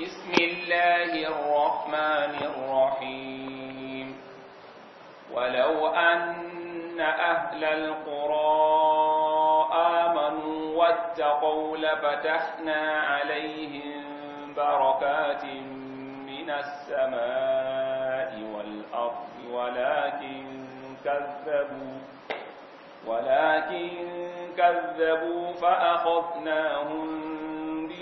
بسم الله الرحمن الرحيم ولو أن أهل القرى آمنوا واتقوا لفتحنا عليهم بركات من السماء والأرض ولكن كذبوا ولكن كذبوا فأخذناهم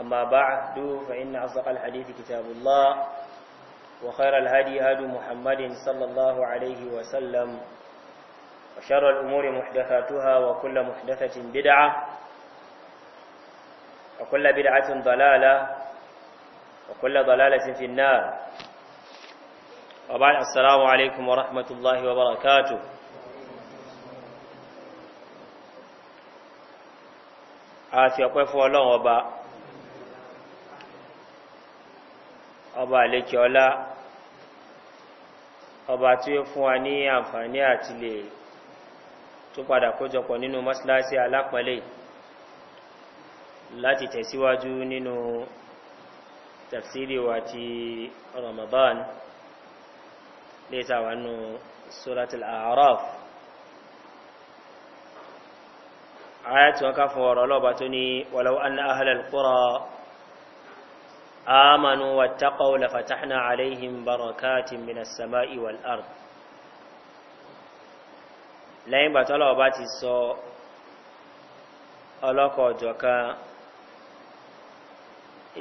أما بعد فإن أصدق الحديث كتاب الله وخير الهدي هدي محمد صلى الله عليه وسلم وشر الأمور محدثاتها وكل محدثة بدعة وكل بدعة ضلالة وكل ضلالة في النار وبعد السلام عليكم ورحمة الله وبركاته àti ọ̀pẹ́ fún ọlọ́run ọba àlékè ọlá ọba tí ó fún wa ní àǹfààní àti lè tó padà kójọpọ̀ nínú mọ́síláṣí alápọ̀lẹ̀ láti tẹ̀síwájú nínú tafsiri wa ti ramadan lè tàwa nínú suratul araf ayatollah fún ọ̀rọ̀ ọlọ́ba tó ní wàlọ́wọ́ an kúrọ̀ آمنوا واتقوا لفتحنا عليهم بركات من السماء والأرض لين بطلع باتي سو ọlọ́kọ̀ ọ̀jọ̀ kan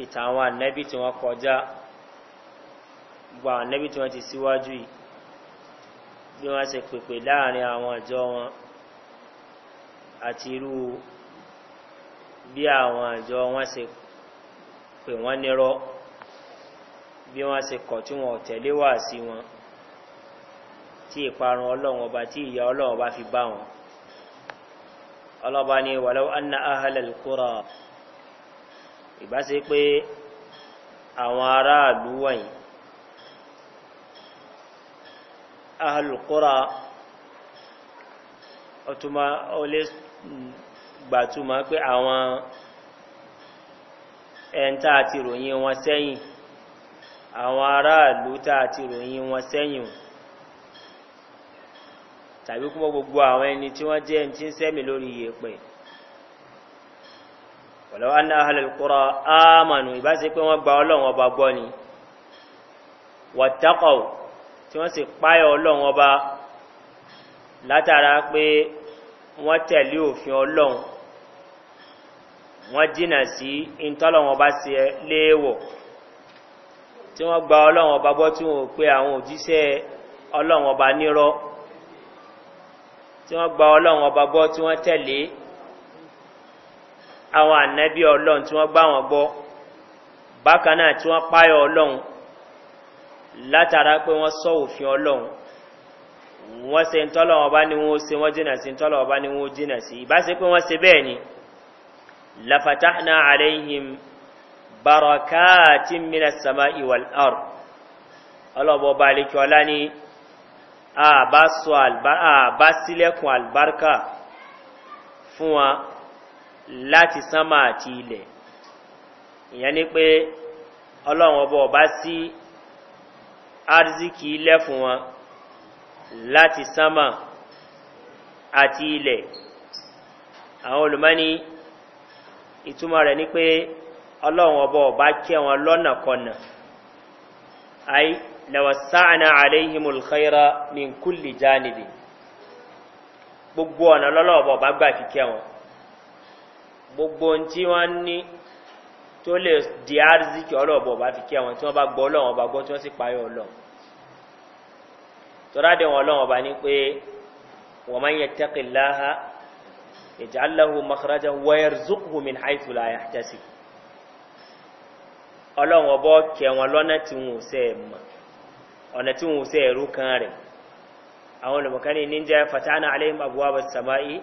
ìtàn àwọn ànẹ́bí tí wọ́n kọjá gbogbo àwọn ànẹ́bí tí wọ́n ti síwájú yìí bí wọ́n ṣe pèpè láàrin àwọn ìjọ wọn àti irú bí àwọn ìjọ wọn ṣe pè wọ́n nírọ́ bí wọ́n ṣe kọ̀ tí wọ́n tẹ̀lé wá sí wọn tí ìparun ọlọ́run ọba tí ìyá ọlọ́run ọba fi bá wọn ọlọ́ba ni wàlọ́ anna ahalẹ̀ kúrọ̀ ìbá ṣe pé àwọn aráàlú wọ̀nyí ahalẹ̀ kúrọ̀ ọtúmọ̀ ó lè gbàtúmọ̀ pé àwọn. ẹ̀ntà àti ròyìn wọn sẹ́yìn àwọn aráàlú tá àti ròyìn wọn sẹ́yìn tàbí kúmọ̀ gbogbo àwọn ẹni tí wọ́n jẹ́ tí ń sẹ́mì lórí yẹ̀pẹ̀ pẹ̀lú aná ahàlẹ̀kúrọ̀ ámànù ìbáṣe pé wọ́n gba ọlọ́run ọba gbọ́ ni wọ̀tẹ́kọ̀ tí wọ́n sì páyọ̀ ọlọ́run ọba látara pé wọ́n tẹ̀lé òfin ọlọ́run wọ́n jìnà sí ìntọ́lọ́wọ́n bá se léèwọ̀ tí wọ́n gba ọlọ́wọ́n bá gbọ́ tí wọ́n pé àwọn òjíṣẹ́ ọlọ́wọ́n bá nírọ́ tí wọ́n gba ọlọ́wọ́n bá gbọ́ tí wọ́n tẹ̀lé àwọn ànẹ́bí ọlọ́run tí wọ́n gbá wọn gbọ́ bákan náà tí wọ́n páyọ ọlọ́run látara pé wọ́n sọ òfin ọlọ́run wọ́n se ń tọ́lọ̀ ọba wọ́n se wọ́n jìnà sí ń tọ́lọ̀ ọba wọ́n jìnà sí ìbá wọ́n se bẹ́ẹ̀ ni lafatahna alayhim barakatin mina sama iwal ar ọlọ́bọ̀ bá alékí ọlá ní àbá sílẹ̀kùn albarka fún wa láti sánmà àti ilẹ̀ ìyẹn ni pé ọlọ́run ọba ọba sí arziki ilẹ̀ fún wa láti sánmà àti ilẹ̀ àwọn olùmọ́ni ìtumọ̀ rẹ̀ ni pé ọlọ́run ọba ọba kẹ́ wọn lọ́nà kọ̀nà ayi lẹ́wọ̀sáàna àléhìmùlùkẹ́ra ní kúlì jánìbì gbogbo ọ̀nà lọ́lọ́run ọba ọba gbà fi kẹ́ wọn gbogbo ohun tí wọ́n ní tó lè di arziki ọlọ́run ọba ọba wọn tí wọ́n bá gbọ́ ọlọ́run ọba gbọ́ tí wọ́n sì parí ọlọ́run tọ́lá dẹ̀ wọn ọlọ́run ọba ní pé wọ́n máa ń yẹ tẹ́kìláha يجعل له مخرجا ويرزقه من حيث لا يحتسب ọlọ́run ọbọ̀ kẹ wọn lọ́nà tí wọn ò sẹ́ ẹ̀ mọ̀ ọ̀nà tí wọn ò sẹ́ ẹ̀rú kan rẹ̀ àwọn olùmọ̀kánì ní jẹ́ fatahana alayhim abuwa sama'i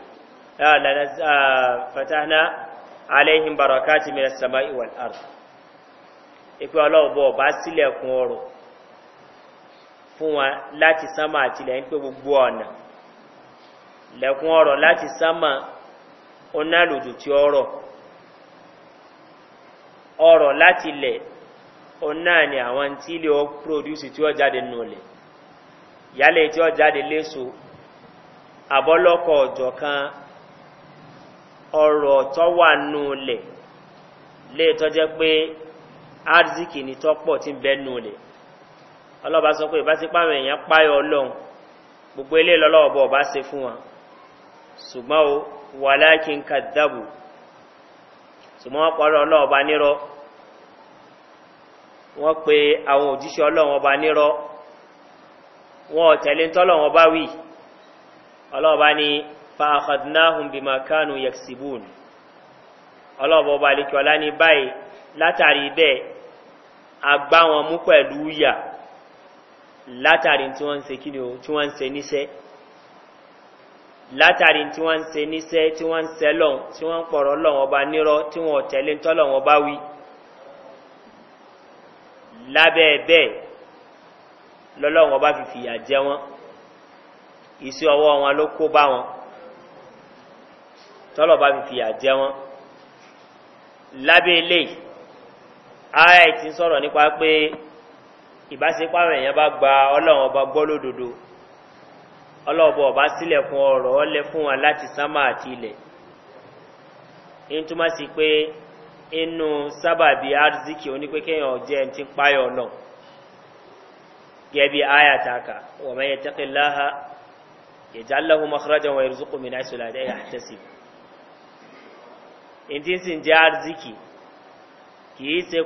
fatahana alayhim barakati mìíràn sama'i wal ard ipe ọlọ́run bọ̀ bá sílẹ̀kùn ọrọ̀ fún wọn láti sánmà àtìlẹ̀ ń pé gbogbo ọ̀nà lẹ̀kùn ọrọ̀ láti sánmà ona àlòjò tí ọ̀rọ̀ ọ̀rọ̀ láti lẹ̀ ọ̀nà ni àwọn tí ilé ọ pòdúsì tí ó jáde nù lẹ̀ yálẹ̀ tí ó jáde léso àbọ́lọ́kọ̀ ọ̀jọ̀ kan ọ̀rọ̀ tó wà nù lẹ̀ arziki ni tọ́pọ̀ tí ń bẹ́ nù lẹ̀ ọlọ́ba sọ pé ìbáṣepáwọn èèyàn ọlọ́run gbogbo ilé lọ́lọ́ọ̀bọ̀ ọba ṣe fún wọn ṣùgbọ́n wàlákin kàdábù ṣùgbọ́n wọ́n pọ̀rọ̀ ọlọ́wọ́ bá nírọ́ wọ́n pe àwọn òjíṣẹ́ ọlọ́wọ́ bá nírọ́ wọ́n tẹ̀lé tọ́lọ́wọ́ bá wì ọlọ́wọ́ bá ní fàáhàdínáhùn bí makánù yẹ̀ksibún ọlọ́wọ́ bá lè kíọ́lá ní báyìí látàrí bẹ́ẹ̀ agbá mú pẹ̀lú yà látàrí tí wọ́n ń se kí ni látàrí tí wọ́n ń se níṣẹ́ tí wọ́n ń sẹ́ lọ́n tí wọ́n ń pọ̀rọ̀ lọ́n ọba nírọ́ tí wọ́n tẹ̀lé tọ́lọ̀ wọn bá wí lábẹ́ ẹ̀bẹ́ lọ́lọ́wọ́n bá fi fìyà jẹ wọn iṣẹ́ ọwọ́ wọn ló kó bá wọn tọ́lọ̀ bá fi fìyà jẹ wọn lábẹ́ ilé ara ẹ̀ ti sọ̀rọ̀ nípa pé ìbáṣepọ̀ àwọn èèyàn bá gba ọlọ́wọ́n bá gbọ́ lódodo ọlọ́ọ̀bọ̀ ọba sílẹ̀kùn ọ̀rọ̀ ọlẹ́ fún wa láti sánmà àti ilẹ̀ ń túmọ̀ sí pé inú sábàbí arziki onípé kéèyàn jẹ́ ti páyọ̀ náà gẹ́bí ayataka wọ́n mẹ́yẹ tẹ́kẹ̀láha ìjálàhùn makarajà wọn ìrùsùkú mi náà ìṣòlá ẹ̀yà tẹ́sí ìdí sì ń jẹ́ arziki kìí ṣe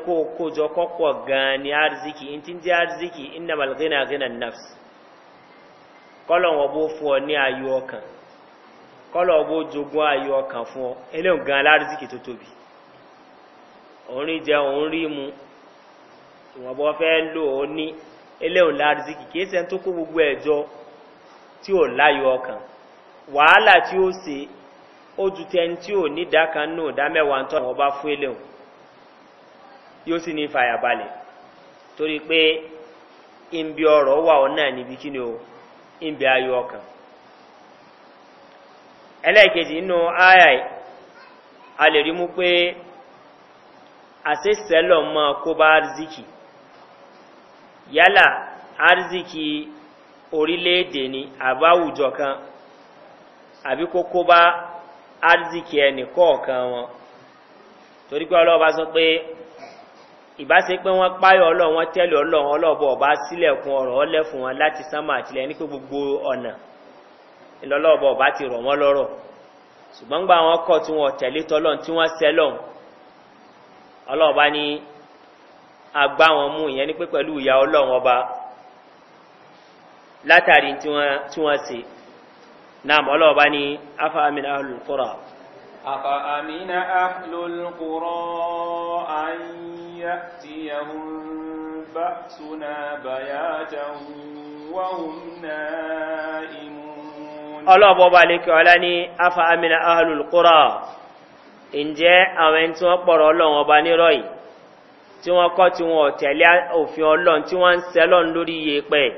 kọ́lọ̀wọ́ bó fún ọ ní ayọ́ ọkàn kọ́lọ̀wọ́ bó jogún ayọ́ ọkàn fún ọ eléhùn gan alárísìkì tó tóbi òun rí jẹ òun rí mu ìwọ̀nbọ̀ fẹ́ lò ó ní eléhùn lárísìkì kìí sẹ́ni tó kó gbogbo ẹ̀jọ tí ò láyọ̀ ọkàn wàhálà tí ó se ó ju tẹni tí ò ní dákan náà dá mẹ́wàá ń tọ́ àwọn ọba fún eléhùn yóò sì ní fàyàbalẹ̀ torí pé ìbí ọ̀rọ̀ wà ọ náà níbi kí ni o. ń bẹ ayọ̀ ọkàn ẹlẹ́ẹ̀kejì nínú aya a lè rí mú pé àṣẹ́sẹ́lọ̀ mọ́ kó bá arziki yálà arziki orílẹ̀-èdè ni àbáwùjọ kan àbí kó kó bá arziki ẹnì kọ̀ọ̀kan wọn torí pé ọlọ́ọ̀bá sọ pé ìbáṣe pé wọ́n páyọ̀ ọlọ́run wọ́n tẹ́lẹ̀ ọlọ́run ọlọ́ọ̀bọ̀ ọba sílẹ̀kùn ọ̀rọ̀ ọlẹ́ fún wọn láti sánmà àtìlẹ̀ ní pé gbogbo ọ̀nà ìlọ́lọ́ọ̀bọ̀ ọba ti rọ̀ wọ́n lọ́rọ̀ ṣùgbọ́n gba àwọn ọkọ̀ tí wọ́n tẹ̀lé tọ́lọ́n tí wọ́n sẹ́lọ̀n ọlọ́ọ̀bá ní agbá wọn mú ìyẹn ní pé pẹ̀lú ìyá ọlọ́run ọba látàrí tí wọ́n se náà ọlọ́ọ̀bá ní afáàmìnà alùkúrọ̀ afáàmìnà alùkúrọ̀ ayé يأتيهم بأسنا بياتا وهم نائمون الله بابا لك ولاني أفأمن أهل القرى إن جاء ẹni tí wọ́n pọ̀rọ̀ ọlọ́run ọba nírọ̀ yìí tí wọ́n kọ́ tí wọ́n tẹ̀lé òfin ọlọ́run tí wọ́n ń sẹ́lọ́run lórí iye pẹ̀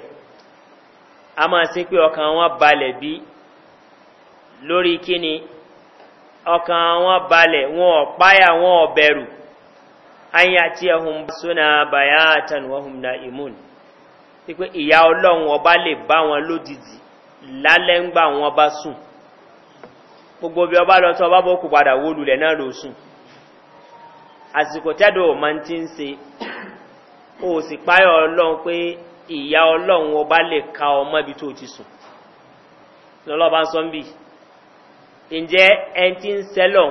a máa sí pé ọkàn wọn balẹ̀ bí lórí kíni ọkàn wọn balẹ̀ wọn ọ̀páyà wọn ọ̀bẹ̀rù an yàtí ẹhùn suna bayatan wahun na imun wípé ìyá ọlọ́run ọba lè bá wọn lódìdì lálẹ́ ń gbà wọn bá sùn gbogbo bí ọba lọ tó ọba bó kò padà wó lulẹ̀ náà ló sùn àsìkò tẹ́dọ̀ ò máa ti ń se o sì páyọ̀ ọlọ́run pé ìyá ọlọ́run ọba lè ka ọmọ ibi tó ti sùn lọ́lọ́ba sọ́ńbì ǹjẹ́ ẹni tí ń sẹ́lọ̀n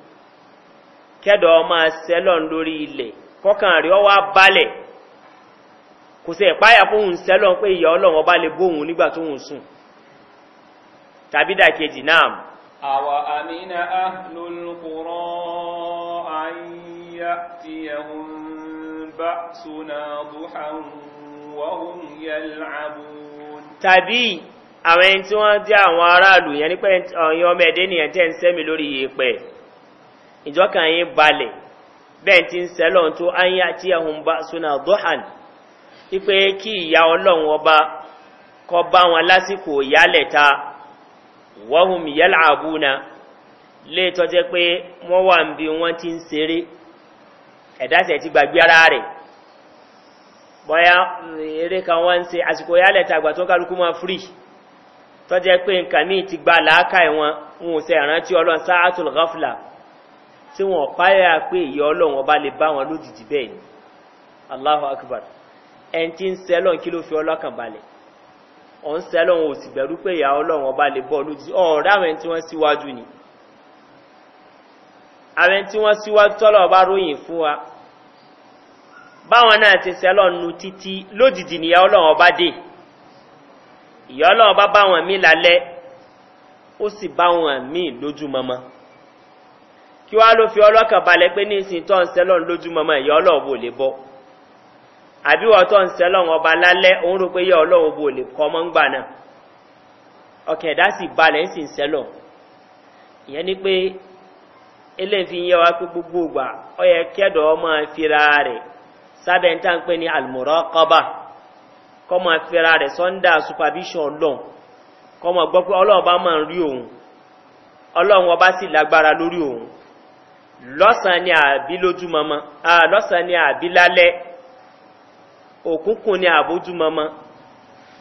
kẹ́dọ̀ ọmọ sẹ́lọ̀n lórí ilẹ̀ kọ́kàn rí ọwá balẹ̀ kò sí ẹ̀páyà fóhun sẹ́lọ̀n pé ìyà ọlọ́run ọba lè bóhun nígbà tóhun sùn tàbí dàkejì náà àwà àmìnà ahlulkùrọ̀ àyíyá tí ẹ̀hùn bá súnà buhari tàbí àwọn ẹni tí wọ́n jẹ́ àwọn aráàlú yẹn nípa ọ̀yọ́ ọmọ ẹ̀dẹ́ nìyẹn ń sẹ́mi lórí ìyẹ̀pẹ̀ ìjọkàn yín balẹ̀ bẹ́ẹ̀ ti ń sẹ́lọ̀ tó áyá tí ẹ̀hùn bá súnà dọ́hàn kí ìyá ọlọ́run ọba kọ bá wọn lásìkò yálẹ̀ta wọ́hùn yálà àbúna lè tọ́jẹ́ pé wọ́n wà ń bí wọ́n ti ń seré ẹ̀dásẹ̀ ti gbàgbé ara rẹ̀ bọ́yá mm, eré kan wọ́n ń se àsìkò yálẹ̀ta gba sẹ́ ìrántí ọlọ́run sáà tó tí wọn páyà pé ìyọ́ ọlọ́run ọba lè bá wọn lójijì bẹ́ẹ̀ ni allahu akbar ẹn tí ń sẹ́lọ̀ kí ló fi ọlọ́kàn balẹ̀ ọ̀ ń sẹ́lọ̀ ò sì bẹ̀rù pé ìyá ọlọ́run ọba lè bọ́ lójijì ọ̀rọ̀ àwọn tí wọ́n síwájú ni wa báwọn náà ti sẹ́lọ̀ nu títí lójijì ni ìyá ọlọ́run ọba dé ìyá ọlọ́run ọba bá wọn mí lálẹ́ ó sì bá mí lójú mọ́mọ́ kí wá ló fi ọlọ́kàn balẹ̀ pé ní ìsìn tó ń sẹ́lọ̀ lójúmọmọ ìyá ọlọ́run bò lè bọ́ àbí wọ́n tó ń sẹ́lọ̀ ọba lálẹ́ òun rò pé ìyá ọlọ́run bò lè kọ́ náà ọkẹ̀ ẹ̀dá sì balẹ̀ ń sìn sẹ́lọ̀ ìyẹn ni pé eléyìí fi yẹ wá pé gbogbo ọ yẹ kẹ́dọ̀ ọmọ fira rẹ̀ sábẹ́ ń tà ń ní kọ́bà fira rẹ̀ sọ́ńdà supervision ọlọ́run kọ́ lọ́sàn ni àbí lójúmọmọ lọ́sàn ni àbí lálẹ́ òkúnkùn ni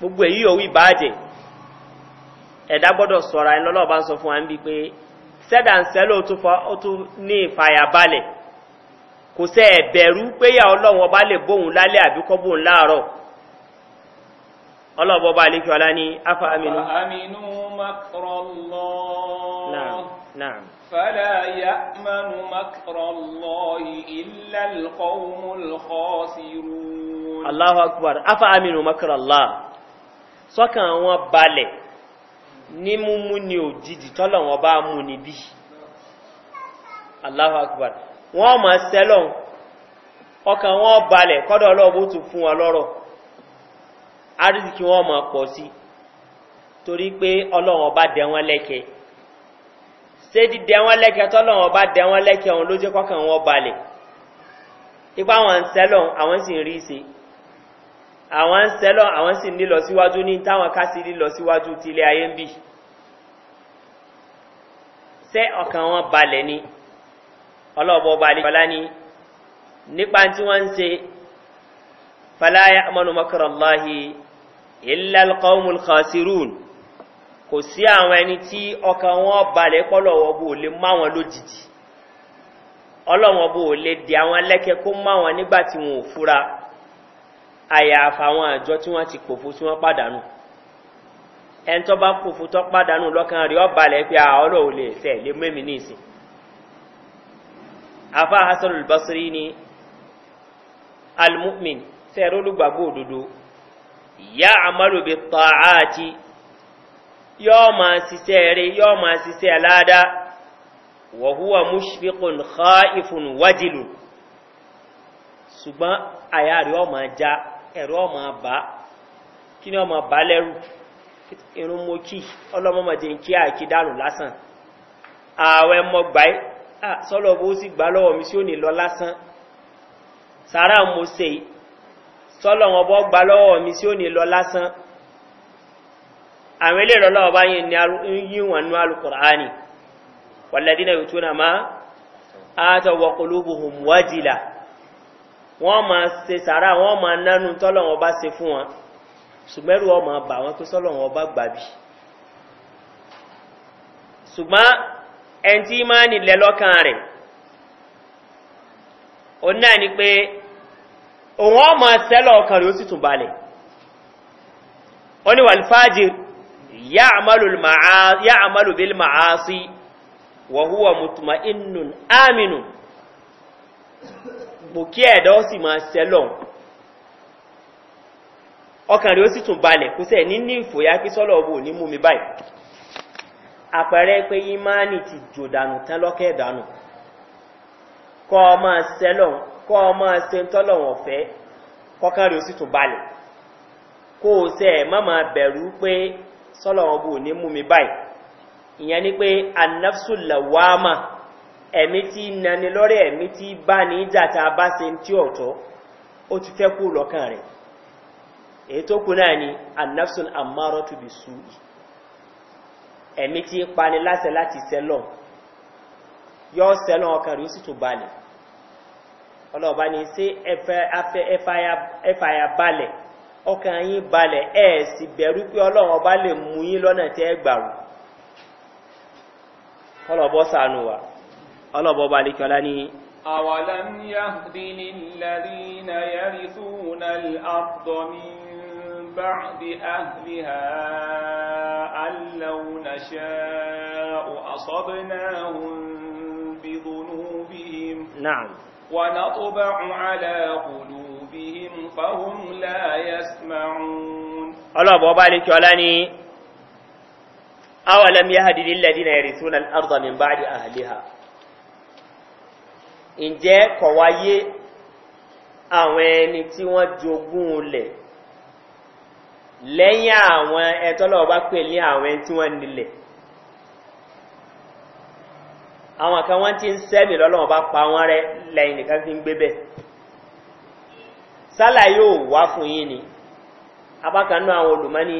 gbogbo èyí yòówì bàjẹ́ ẹ̀dá gbọ́dọ̀ bá ń sọ fún wa ń bí pé sẹ́dà ń sẹ́lẹ̀ ó tún ní ìfàyàbalẹ̀ kò sẹ́ ẹ̀bẹ̀rú pé yà ọlọ́run ọba lè bóun lálẹ́ àbí kọ́ bóun ọlá ní نعم فلا يأمن مكر الله إلا القوم الخاسرون الله أكبر أفأمن مكر الله سوكا وبالي ní múmú ni òjìjì wọn bá mú ní bí aláhù akbar wọ́n ma balẹ̀ kọ́dọ̀ tún fún wọn lọ́rọ̀ arìsìkí ma pọ̀ sí torí pé ọlọ́wọ́n bá wọn lẹ́kẹ̀ẹ́ ṣé dídẹ wọn lẹ́kẹ̀ẹ́ tọ́lọ́wọ́n bá dẹ wọn lẹ́kẹ̀ẹ́ òun ló jẹ́ kọ́kàn wọn balẹ̀ ipa àwọn ń sẹ́lọ̀ àwọn sì ń rí ṣe àwọn ń sẹ́lọ̀ àwọn sì ń lílọ síwájú ní táwọn ká sí lílọ síwájú ti ilé ayé ń bì ṣé ọkàn wọn balẹ̀ ni ọlọ́ọ̀bọ̀ balẹ̀ ọlá ni nípa tí wọ́n ń ṣe falaya amanu makaralláhi ilẹ̀ alkọ́mùl khasirun kò sí àwọn ẹni tí ọkàn wọn balẹ̀ pọ́lọ̀wọ́ bó lè má wọn lójijì ọlọ́wọ́n bó lè dì àwọn lẹ́kẹ́ kó má wọn nígbà tí wọn ò fura àyàfà àwọn àjọ tí wọ́n ti pòfo tí wọ́n pàdánù ẹni tó bá pòfo tó pàdánù lọ́kàn rí ọbalẹ̀ pé àọ́lọ́ lè fẹ́ lè mẹ́mí ní afa hasan olùbọ́sírí ni almumin fẹ́ẹ́ rólùgbàgbọ́ òdodo ìyá àmàlùbí tààtì yóò máa ṣiṣẹ́ rẹ̀ yóò máa ṣiṣẹ́ aláda wàhúwà mushfiqun khaifun wajilu ṣùgbọ́n àyà rẹ̀ yóò máa já ẹ̀rọ máa bá kí ni ọmọ bá lẹ́rù irun mo kí ọlọ́mọmọdé ń kí àìkí dànù lásán ààwẹ̀ mọ gbáyé sọ́lọ̀ bó sì gbá lọ́wọ́ mi sí ò ní lọ lásán sàárà mo ṣe sọ́lọ̀ wọn bọ́ gbá lọ́wọ́ mi sí ò ní lọ lásán àwọn ilé ìrọ̀lọ́wọ́ bá yí wọn ní alukùránì wàlẹ́dí na yòtú na máa átọwọ́ olóbùhùn wájìlá wọ́n ma se sàárà wọ́n ma nánú tọ́lọ̀wọ́ bá se fún wọn ṣùgbẹ́rù wọ́n ma bà wọn pé sọ́lọ̀wọ́ bá gbàbí ṣùgbọ́n ẹn tí máa ni pé ya'malu bil ma'asi wa huwa mutma'innun aminu bò kí ẹ̀dọ́ sì máa ọkàn rí ó sì tún balẹ̀ kó sẹ́ ní ní ìfòyà pí sọ́lọ̀ ọbò ní mú báyìí àpẹẹrẹ pé ìmáàni ti jò dànù tán lọ́kẹ́ ìdánù kọ́ ọmọ sẹ́lọ̀ kọ́ ọmọ sọ́lọ̀wọ́ bù ní mú mi báyìí ìyẹn ni pé annafsulawama ẹ̀mí tí nani lọ́rẹ́ ẹ̀mí tí bá ní ìjàta bá se tí ọ̀tọ́ ó ti fẹ́ kú lọ́kàn rẹ̀ èyí tó kú náà ni annafsul amaro to be sui ẹ̀mí tí pani láti láti sẹ́lọ̀ yọ sẹ́lọ̀ ọkàn rẹ̀ ó tó balẹ̀ ọlọ́ọ̀bá ni ṣé ẹfàyà balẹ̀ ọkàn yín balẹ̀ ẹ̀ sì bẹ̀rú pé ọlọ́run ọba lè mú yín lọ́nà tí ẹ gbàrú ọlọ́bọ sànù wa ọlọ́bọ ọba alekiola ní. àwàlám yahdi nílẹ̀rí na yẹrí súnà àbọ̀ mi bàdí àhìlíhà àlàó na ṣe ربهم فهم لا يسمعون الله بابا لك ولاني أولم يهد للذين يرثون الأرض من بعد أهلها ǹjẹ́ kọ̀wáyé àwọn ẹni tí wọ́n jogún lẹ̀ lẹ́yìn àwọn ẹ̀tọ́lọ̀ bá pè ní àwọn ẹni tí wọ́n nílẹ̀ àwọn kan wọ́n ti ń sẹ́mì lọ́lọ́wọ́ bá pa wọ́n rẹ lẹ́yìn nìkan fi ń gbé bẹ́ẹ̀ sálà yóò wá fún yí ni apákanú àwọn olùmọ́ni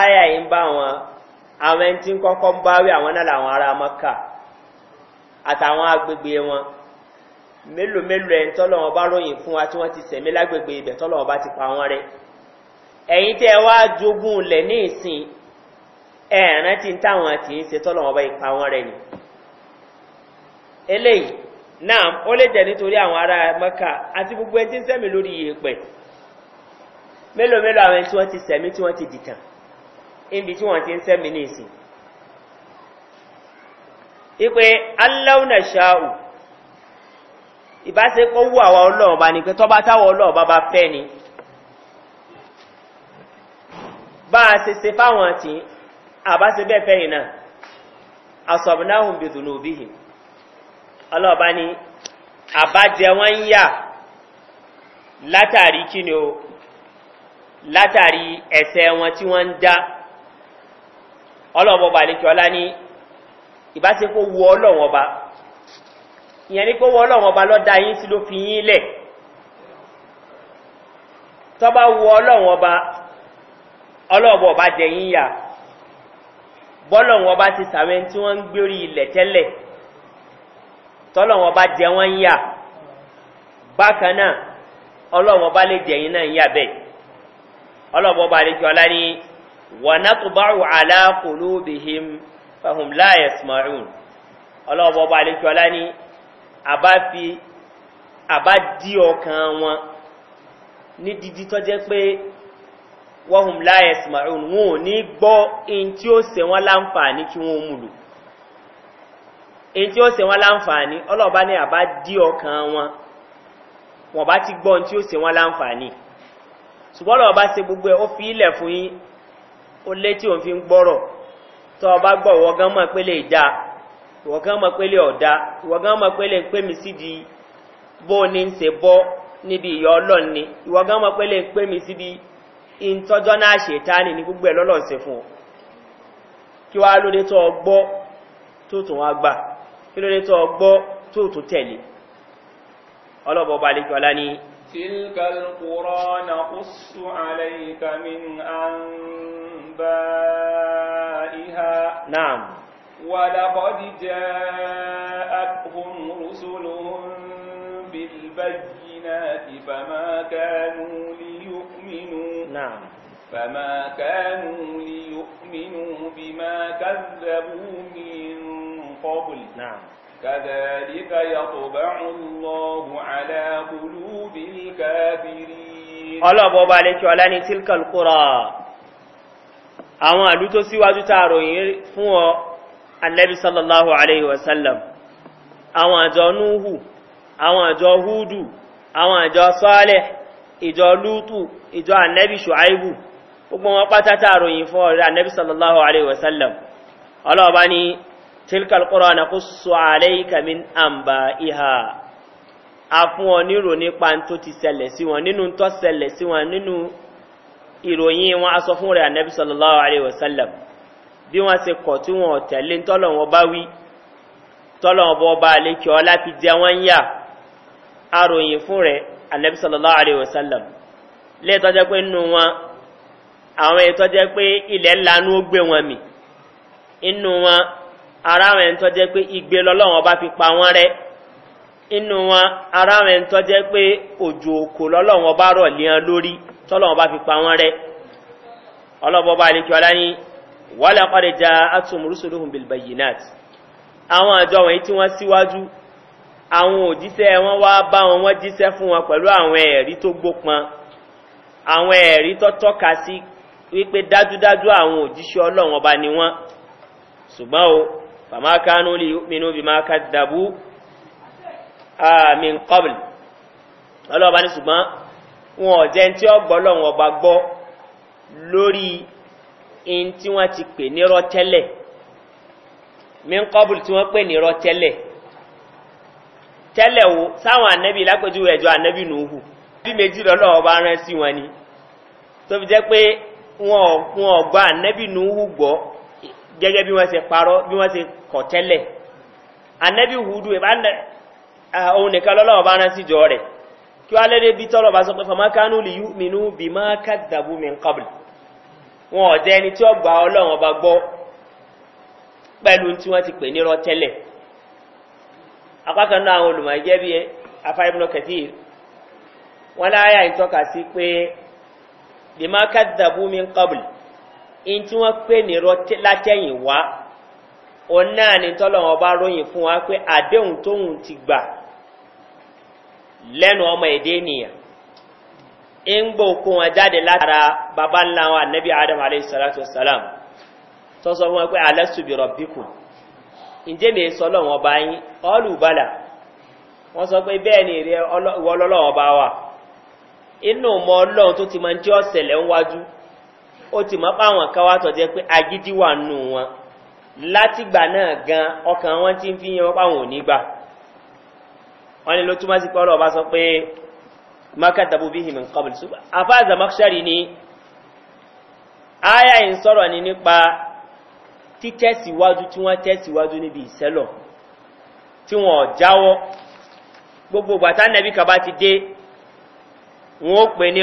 ayà yìí ń bá wọn àwọn ẹni tí ń kọ́kọ́ ń báwí àwọn náà làwọn ará mọ́kà àtàwọn agbègbè wọn mélòó mélòó ẹni tọ́lọ́wọ́n bá ròyìn fún wa tí wọ́n ti sẹ̀mí ni eléyìí naam ó lè jẹ́ nítorí àwọn ará mọ́ká àti gbogbo ẹjí ń lori lórí ìyẹ̀pẹ̀ mélòó mélòó àwọn tí wọ́n ti sẹ̀mí tí wọ́n ti dìtàn níbi tí wọ́n ti ń sẹ́mi ní ìsìn ipe aláwùnà ṣáàù ìbáṣepọ̀ wù àwọn ọlọ́run bá ní pé tọ́ba táwọn ọlọ́run bá bá fẹ́ ni bá a ṣe ṣe fáwọn ọlọ́ọ̀bá ni àbájẹ wọ́n ń yà látàrí kí ni o látàrí ẹ̀sẹ̀ wọn tí wọ́n ń dá ọlọ́ọ̀bọ̀ bàlẹ́kì ọlá ní ìbáṣepọ̀ wọ ọlọ́wọ́n ba ìyẹn ni kó wọ ọlọ́wọ́n ba lọ́dá yín sí ló fi yín lẹ̀ tọ́ba wọ ọlọ́wọ́n ba ọlọ́ọ̀bọ̀ bá jẹ yín yà bọ́lọ̀wọ́n bá ti sàwẹ́ tí wọ́n ń gbérí ilẹ̀ tẹ́lẹ̀ tọ́lọ́wọ́n bá jẹ wọ́n ń yà bákan náà ọlọ́wọ́n bá lè jẹ̀yìn náà ń yà bẹ́ẹ̀ ọlọ́wọ́n bá lè jọ ọlá ní wọ̀nà tó bá wù aláàkóló bìhìm fahùn láyẹ̀s mọ̀rún ọlọ́wọ́n bá lè jọ ọlá ní àbá fi àbá èyí tí ó se wọn láǹfààní ọlọ́ọ̀bá ní àbá dí ọkàn wọn wọn bá ti gbọ́n tí ó se wọn láǹfààní ṣùgbọ́n ọlọ́ọ̀bá se gbogbo ẹ̀ ó fi ilẹ̀ fún ó lé tí òun fi ń gbọ́rọ̀ ọba gbọ́ ìwọ gan mọ̀ pé da ìwọ gan mọ̀ pé lè ọ̀dá ìwọ gan mọ̀ pé lè pè mí níbi ìwọ gan mọ̀ pé lè pè mí ìtọ́jọ́ náà ní gbogbo ẹ̀ fún ọ kí wàá kí ló dé tó ọgbọ́ tó tó tẹ̀lé ọlọ́bọ̀ ọba àlejò alá ní. تلك القرى نقص عليك من أنبائها نعم ولقد جاءتهم رسلهم بالبينات فما كانوا ليؤمنوا نعم فما كانوا ليؤمنوا بما كذبوا من قبل نعم كذلك يطبع الله على قلوب الكافرين الله بابا عليك وعلاني تلك القرى àwọn àlú tó síwájú tààrò yìí fún ọ annabi sallallahu alaihi wasallam àwọn àjọ núhù àwọn àjọ húdù àwọn àjọ sọ́ọ̀lẹ̀ ìjọ lútù ìjọ annabi ṣùáìbù gbogbo wọn pátá tààrò yìí fún ọ̀rẹ́ annabi sallallahu alaihi wasallam ọlọ́ọ̀bá ni tilkal kọ́ra na kó sọ àlẹ́yìká mi àmbà ìhà afún ọ nírò nípa tó ti sẹlẹ̀ sí wọn nínú tó sẹlẹ̀ sí wọn nínú ìròyìn wọn aṣọ fún rẹ̀ ànẹ́bí sallallahu alaihi wasallam bi won se kọ̀ tí wọ́n tẹ̀lé tọ́lọ̀wọ́ bá wí tọ́lọ̀wọ́ bọ́ ba le kí ọ láti jẹ wọ́n yà aròyìn fún rẹ̀ ànẹ́bí sallallahu alaihi wasallam lẹ́ẹ̀tọ́jẹ́ pé nínú wọn àwọn ètọ́jẹ́ pé ilẹ̀ ńlá nú ó gbé wọn mì inú wọn ara rẹ̀ ń tọ́jẹ́ pé igbe lọ́lọ́wọ́n bá fi pa wọ́n rẹ́ inú wọn ara rẹ̀ ń tọ́jẹ́ pé òjò òkò lọ́lọ́wọ́n bá rọ̀ léan lórí tọ́lọ́wọ́n bá fi pa wọ́n rẹ́ ọlọ́bọba àlekíọ́lá ní wàhálà pàdé ja atumurusolóhùn bilbayinat àwọn àjọ wọ̀nyí tí wọ́n síwájú àwọn òjíṣẹ́ wọn wá bá wọn wọ́n jíṣẹ́ fún wọn pẹ̀lú àwọn ẹ̀rí tó gbópọn àwọn ẹ̀rí tó tọ́ka sí wípé dájúdájú àwọn òjíṣẹ́ ọlọ́wọ́n bá ni wọ́n ṣùgbọ́n o فما كانوا ليؤمنوا بما كذبوا آه من قبل ọlọ́wọ́ bá ní ṣùgbọ́n wọn ọ̀jẹ́ tí ó gbọ́ lọ́wọ́ ọba gbọ́ lórí in tí wọ́n ti pè nírọ́ tẹ́lẹ̀ mí ń kọ́bùl tí wọ́n pè nírọ́ tẹ́lẹ̀ tẹ́lẹ̀ wo sáwọn ànẹ́bí lápẹjúwe ẹ̀jọ́ ànẹ́bí nùhù bí méjì lọ́lọ́wọ́ bá rán sí wọn ni tó fi jẹ́ pé wọn ò gbọ́ nùhù gbọ́ gẹ́gẹ́ bí wọ́n ti parọ́ bí wọ́n ti kọ̀ tẹ́lẹ̀ anẹ́bí hudu ohun nìkan lọ́lọ́wọ́ bá rán síjọ rẹ̀ kí wọ́n lé débi tọ́lọ̀ bá sọ pé famakanu lè yú minú bí má kàdàbù mi kọ́bìlì wọn ọ̀dẹ́ ẹni tí ó gbà ọlọ́wọ́n bá gbọ́ pẹ̀lú tí wọ́n ti pè ní rọ́tẹ́lẹ̀ apákan náà àwọn olùmọ̀ bí afáyébùnà kẹtì wọn láyà ìtọ́ka sí pé bí má kàdàbù mi kọ́bìlì in tí wọ́n pè ní látẹ̀yìn wá òun náà ni tọ́lọ́wọ́n bá ròyìn fún wa pé àdéhùn tóhun ti gbà lẹ́nu ọmọ èdè ènìyàn ń gbò wọn jáde látara baba ńlá wọn anabi adam aleyhi sọ fún pé mi sọ lọ́wọ́n bá yín ọlùbálà wọ́n sọ pé bẹ́ẹ̀ ni bá wà inú mọ́ ọlọ́run tó ti máa ń ọ̀sẹ̀lẹ̀ ó ti mọ́ páwọn kan wá tọ́jẹ́ pé agídí wà nù wọn látìgbà náà gan ọkàn wọn ti ń fi yan páwọn ò ní gbà ni ló túmọ̀ sí pé ọlọ́ọ̀ sọ pé makatabu bihi min qabl suba afaza makshari ni aya in soro ni nipa ti tesiwaju ti won tesiwaju ni bi iselo ti won jawo gbogbo gba ta nabi ti de won o pe ni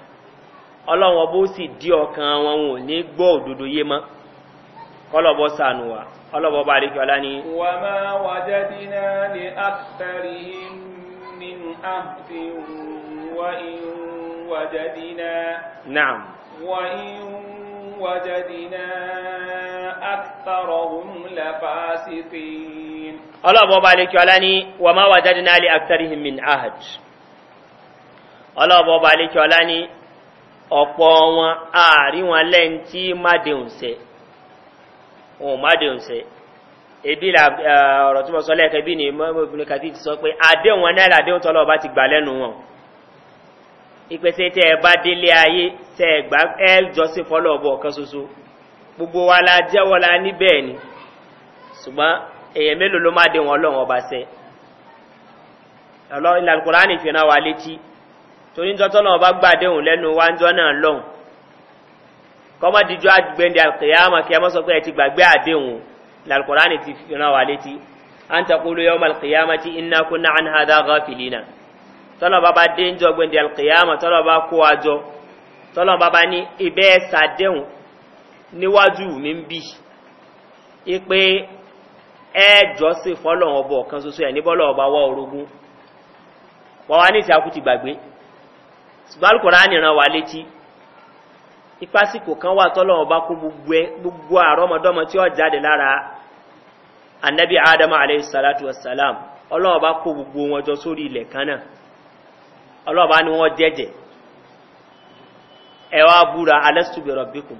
ọlọ́wọ́n bó sì dí ọkàn wọn wọn ní gbọ́ òdodo yé mọ́ kọlọ̀bọ̀ sànù wa ọlọ́bọ̀ bá rí kíọ́lá ní. wà máa wà jáde náà lè àtàrí nínú àti wà ìwà jáde náà. naam. wà ìwà jáde náà àtàrọ̀ òun làbá sí bá rí kíọ́lá ní wà máa wà jáde náà lè àtàrí nínú àhàj. ọlọ́bọ̀ bá rí kíọ́lá ní ọ̀pọ̀ wọn ààrí wọn lẹ́yìn tí mádéhùnsẹ̀ ohun mádéhùnsẹ̀ ebi la ọ̀rọ̀ tí mo sọ lẹ́ẹ̀kẹ́ bí ni mọ́bìnrin kàtí ti sọ pé àdéhùn wọn náírà àdéhùn tọ́lọ́ ọba ti gbà lẹ́nu wọn ìpèsè tẹ́ ẹ bá délé ayé tẹ́ ẹ gbà ẹ jọ́sìn fọ́lọ́ ọ̀bọ̀ ọ̀kan ṣoṣo gbogbo wa la jẹ́wọ́ la ní bẹ́ẹ̀ ni ṣùgbọ́n èèyàn mélòó ló má dé wọn ọlọ́run ọba sẹ́ ọlọ́run ìlànà kùránì fi ràn wá létí torí tọ́tọ́ náà bá gbàdéhùn lẹ́nu wájọ́ náà lọ́hùn kọ́mọ́díjọ́ àgbẹ̀ndẹ̀ àkèyàmà kí a mọ́ sọ pé ẹ ti gbàgbé àdéhùn làlùkùránì ti fi ràn wá létí an takulu yawma alqiyamati inna kunna an hadha ghafilina tọ́lọ̀ bá bá dé gbẹ̀ndẹ̀ alqiyama tọ́lọ̀ bá kó àjọ tọ́lọ̀ bá bá ní ibẹ̀ sàdéhùn níwájú mi bí i pé ẹ jọ́sìn fọ́lọ̀ ọbọ̀ kan ṣoṣo ẹ̀ níbọ́lọ̀ ọba wọ́ orogún wọ́n wá ní ìsàkú ti gbàgbé ṣùgbọ́n alukóraani ràn wá létí ipásìkò kan wà tọ́lọ́wọ́ bá kó gbogbo ẹ gbogbo àrọ́mọdọ́mọ tí ó jáde lára anabi adamu alayhi salatu wa salam bá gbogbo wọn jọ sórí ilẹ̀ kan náà ọlọ́wọ́ bá ní wọ́n jẹ́jẹ́ ẹ búra alẹ́sùbẹ̀rọ̀ bíkùn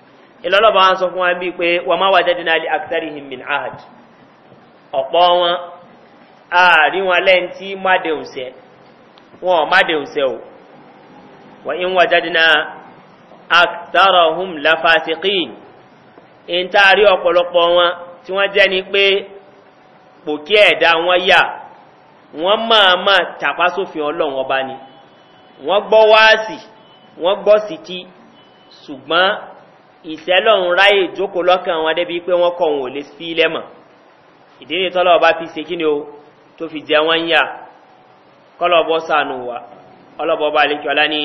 ìlọ́lọ́bàá ń sọ fún wa bí pé wà máa wà jáde náà lè àkítàrí himmin ahad ọ̀pọ̀ wọn ààrí wọn lẹ́yìn tí mádẹ̀ùsẹ̀ wọn mádẹ̀ùsẹ̀ o wà ń wà jáde náà àkítàrà hum lafasikin in taari ọ̀pọ̀lọpọ̀ ṣùgbọ́n ìtẹ́lọ́run ráyè jókòó lọ́kàn wọn débi pé wọ́n kọ̀ wọn lè sí ilẹ̀ mọ̀ fi se kí o tó fi jẹ wọ́n yà kọ́lọ́bọ́ sànù wà ọba àlejò ọlá ní.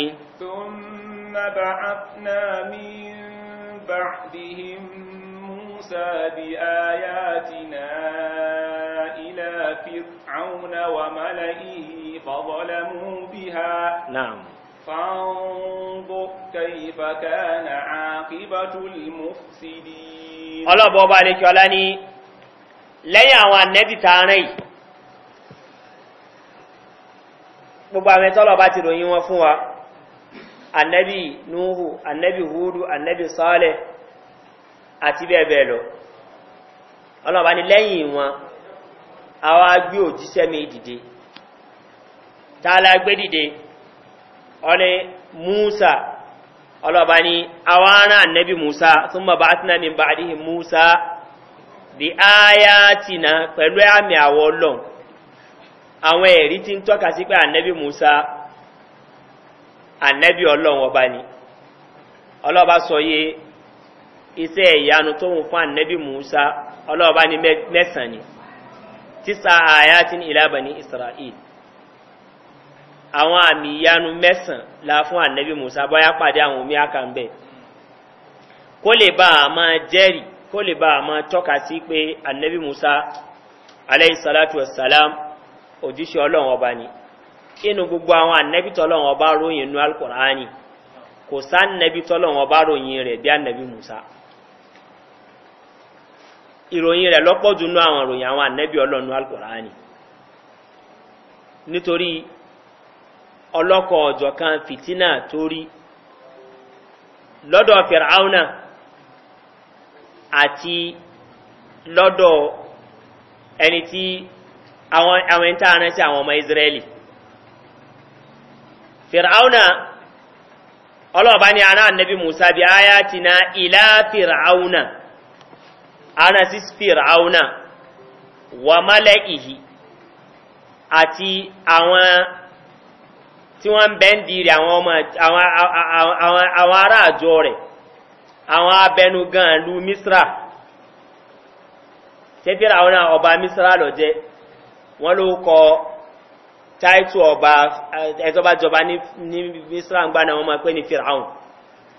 فانظر كيف كان عاقبة المفسدين àwọn ànẹ́bì tààrin gbogbo àwọn ẹ̀tọ́lọ̀ ti ròyìn wọn fún wa ànẹ́bì núhù ànẹ́bì ànẹ́bì sọ́ọ̀lẹ̀ àti lọ ni lẹ́yìn wọn àwọn òjíṣẹ́ mi dìde tààlà ọlẹ́ musa ọlọ́ba Awana annabi musa sun ma min musa di aya tina pẹ̀lú awọ àwọ̀ ọlọ́n àwọn ẹ̀rí ti n tọ́ka sí annabi musa annabi ọlọ́n ọba ni ọlọ́ba sọ yé iṣẹ́ ìyanu tó annabi musa ọlọba ni mẹ́sàn ni tísa aya tin ìlàbà àwọn àmì ìyanu mẹ́sàn la fún ànẹ́bí musa báyá pàdé àwọn omi àkànbẹ̀ kó lè bá a máa jẹ́rì kó lè bá a tọ́ka sí pé ànẹ́bí musa aleyhisalatu wasalam ojúṣe ọlọ́run ọba ni inú gbogbo àwọn ànẹ́bí tọ́lọ́run ọba ròyìn inú alkùnránì kò sá ànẹ́bí tọ́lọ́run ọba ròyìn rẹ̀ bí ànẹ́bí musa ìròyìn rẹ̀ lọ́pọ̀ jù nú àwọn ìròyìn àwọn ànẹ́bí ọlọ́run alkùnránì nítorí ọlọ́kọ̀ ọ̀jọ̀ kan fìtínà torí lọ́dọ̀ fìràúnà àti lọ́dọ̀ ẹni tí àwọn ẹ̀ntà rẹ̀ sí àwọn ọmọ israeli fìràúnà ọlọ́ọ̀bá ni aná annabi musa bí áyá ti na ilá fìràúnà ana sí fìràúnà wà málẹ̀ ìhì àti àwọn tí wọ́n ń bẹ́ ń dìrì àwọn ará àjọ rẹ̀ àwọn abẹnugan ìlú misra tẹ́fẹ́ra àwọn ọba misra lọ jẹ́ wọ́n ló kọ táìtù ọba ẹ̀tọ́bá jọba ní misra ń gbá na wọ́n máa pẹ́ ní firaun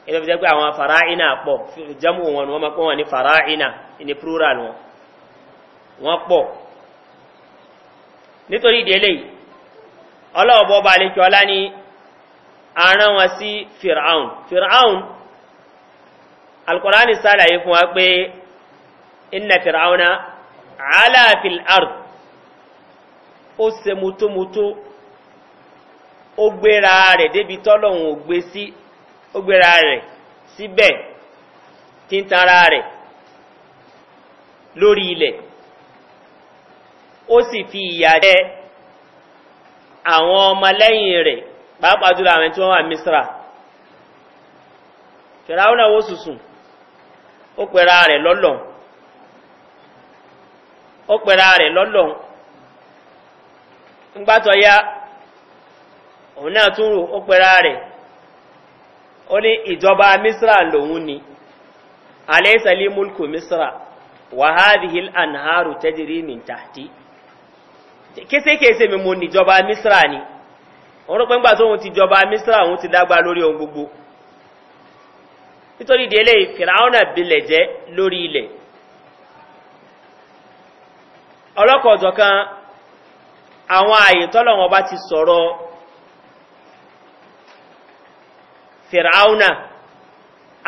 ẹ̀tọ́ fi jẹ́ pé àwọn fara'ina pọ̀ jẹ́mù wọn wọ́n máa pẹ́ wọn ni fara'ina ni plural wọn wọ́n pọ̀ nítorí ìdí eléyìí ọlọ́ọ̀bọ̀ bá lè kí ọlá ní àrán wọn sí fir'aun fir'aun alkùnrin sálàyé fún wa pé iná fir'auna aláàfil ard ó se mútúmútú ó gbéra rẹ̀ débi tọ́lọ̀hun ò sí ó gbéra rẹ̀ síbẹ̀ tí rẹ̀ lórí ilẹ̀ ó sì fi ìyà jẹ́ àwọn lẹ́yìn rẹ̀ pàápàá jùlọ àwọn tí wọ́n wà misra fìràwọ́nà sùsùn ó pẹ̀ra rẹ̀ lọ́lọ́ ó pẹ̀ra rẹ̀ lọ́lọ́ ńgbàtọ̀ ya òun náà tún rò ó pẹ̀ra rẹ̀ ó ní ìjọba misra lòun ni alẹ́ misra kéṣekéṣe mi mo níjọba misra ni òun rúpẹ́ ńgbà tóun ti jọba misra òun ti dágbà lórí ohun gbogbo nítorí délé fìràwọnà bilẹ̀ jẹ́ lórí ilẹ̀ ọlọ́kọ̀ ọ̀jọ̀kan àwọn ààyè tọ́lọ̀wọ́n bá ti sọ̀rọ̀ fìràwọnà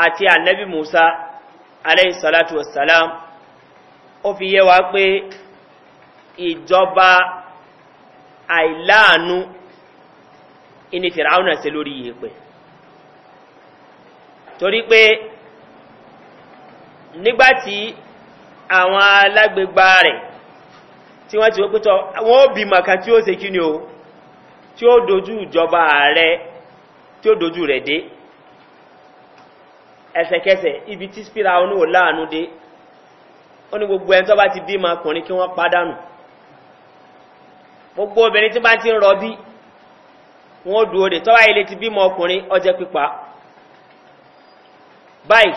àti ànẹ́bí musa aleyhisalatu wasalam ó fi yẹ wá pé ìjọba àìláàánú ìní fìràúnà se lórí ìyẹ̀pẹ̀ torí pé nígbàtí àwọn alágbègbà rẹ̀ tí wọ́n ti wọ́pẹ́tọ̀ wọ́n ó bí màkà tí ó se kí ni o tí ó dojú ìjọba ààrẹ tí ó dojú rẹ̀ dé ẹsẹ̀kẹsẹ̀ ibi tí spira oníwò láàánú dé ó ní gbogbo bá ti bí ma kí wọ́n gbogbo obìnrin tí bá ti ń rọbí wọn dúró de tọ́wá ilé ti bímọ ọkùnrin ọjẹ́ pípa báyìí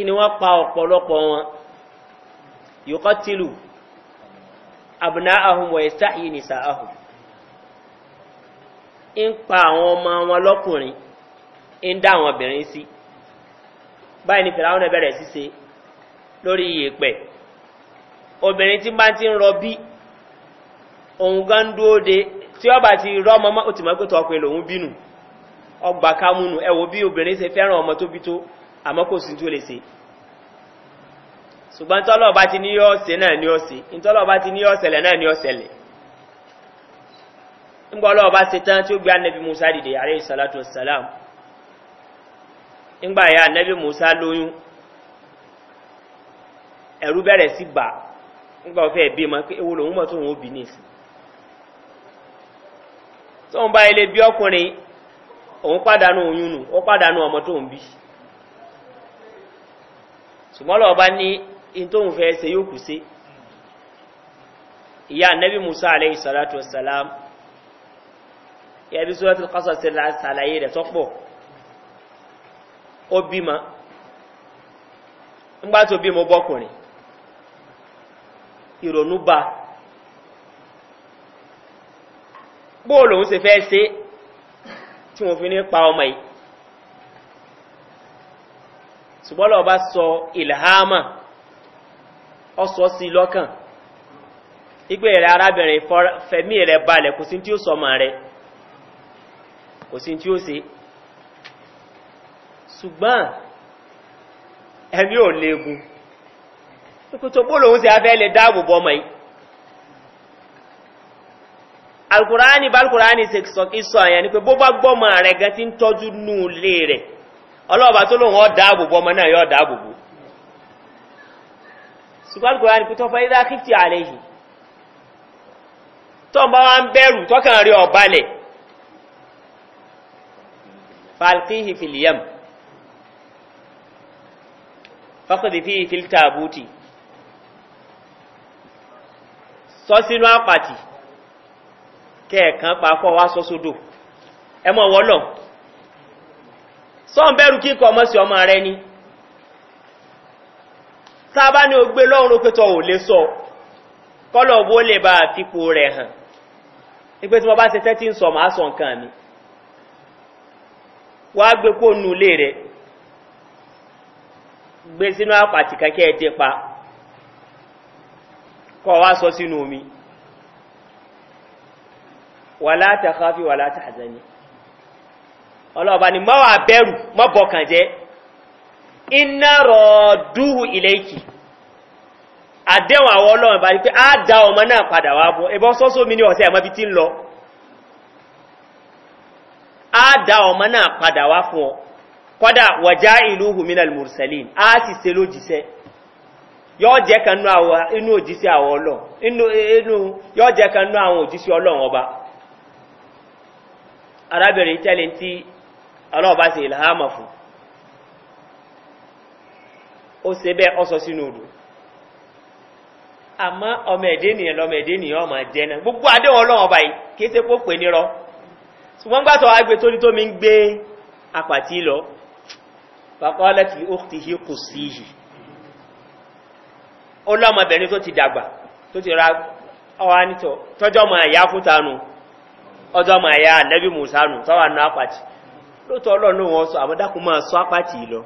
ìní wọn pa ọ̀pọ̀lọpọ̀ wọn yòókọ́ tìlù àbùná ahùn ẹ̀sá yìí nìsà ahùn ń pa àwọn ọmọ wọn lọ́kùnrin ń dá àwọn obìnrin sí báyìí ni fìlà bẹ̀rẹ̀ síse lórí iyèpẹ̀ obìnrin tí bá ti ń òun gan dúó de tí ọba ti rọ́mọ mọ́ òtìmọ́ pé tọkùnrin lòun bínú ọgbà kámúnù ẹ̀wò bí obìnrin ṣe fẹ́ràn ọmọ tó bí tó àmọ́ kò sí tó lè ṣe ṣùgbọ́n tọ́lọ̀ ọba ti ní yọ́ ọ̀sẹ̀ náà ní ọ̀sẹ̀ ìtọ́lọ̀ ti ní yọ́ ọ̀sẹ̀lẹ̀ náà ní musa dìde àrẹ ìsàlátù ya musa lóyún sí gbà ma ewu lòun tó ó tó ń bá ilé bí ọkùnrin òun pàdánù oyún nù pàdánù ọmọ tó ń bí ṣùgbọ́n lọ́wọ́ bá ní in tó ń fẹ́ ṣe yóò kù sí ìyá nẹ́bí musa alayhi salatu wasalam yẹ́bí sọ́rọ́ tí kọ́sọ̀ sí ṣàlàyé rẹ̀ tọ́pọ̀ ó bímọ ńgbà bóòlù òun sì fẹ́ ṣe tí wọ́n fi ní pa ọmọ yìí bá sọ ìlàhámà ọ̀sọ́ sí lọ́kàn igbe rẹ̀ arábìnrin fẹ̀mí rẹ̀ balẹ̀ kò sí tí ó sọmọ rẹ̀ kò sí tí ó ṣe ṣùgbọ́n ẹ̀mí ò léegun bóòlù alukurani balukurani ṣe sọ ìsọ àyàn ni pé bó bá gbọ́mọ rẹ̀ gan ti ń tọ́jú nù lé rẹ̀ ọlọ́ọ̀bá tó lóun ọ̀ dáàbò bò ọmọ náà yọ̀ dáàbò bò ṣùgbọ́n alukurani pé tọ́fọ́ ẹ̀dá kíkì àlẹ́ yìí tọ́n bá wá ń bẹ̀rù tọ́kàn rí ọ̀balẹ̀ falkihi filiyam fakọ̀dì fi filta àbútì sọ sínú àpàtì kẹ́ẹ̀kan pàápọ̀ wá sọ sódò ẹmọ wọ́lọ̀ sọ́n bẹ̀rù kí kọ mọ́sí ọmọ rẹ ni sábá ní ogbé lọ́run pẹ́tọ̀ ò lè sọ kọ́lọ̀ bó lè bá àfipò rẹ̀ hàn ipé tí wọ́n bá se ń sọ máa sọ nǹkan mi wá gbé kó nù lè rẹ̀ gbé sínú àpàtì kankẹ́ ẹ̀ tẹ́pa kọ́ wá sọ sínú omi wàlá tàkàfí wàlá wala ọlọ́ọ̀bá ni mọ́wà bẹ̀rù mọ́bọ̀kàn jẹ́ iná rọ̀dúhù ilẹ̀ ikì àdẹ́wọ̀n àwọn ọlọ́run bá ní pé á dá ọmọ náà padà wá bọ́ ẹbọ́ sọ́sọ́ mi ní ọ̀sẹ̀ yóò jẹ́ kan àwọn ọlọ́run ọba arábìnrin tẹ́lẹ̀ tí ọlọ́ọ̀bá sí ìlàámà fún ó se bẹ́ ọsọ sínú odò àmọ́ ọmọ ẹ̀dẹ́ ni lọmọ ẹ̀dẹ́ ni ọmọ jẹ́ náà gbogbo adéwọ̀n ọlọ́wọ̀n báyìí kìí se kó nírọ ṣùgbọ́n gbàtọ̀ mi ń gbé àpàtì lọ fàkọ́lẹ́tì ó ti hí kù sí yìí ti dàgbà tó ti ra mọ̀ tanu. ọjọ́ ma ya nẹ́bí musa nù sọ́wà apàtì lóòtọ́ ọlọ́nà wọn sọ àmọ́dákùn máa sọ apàtì lọ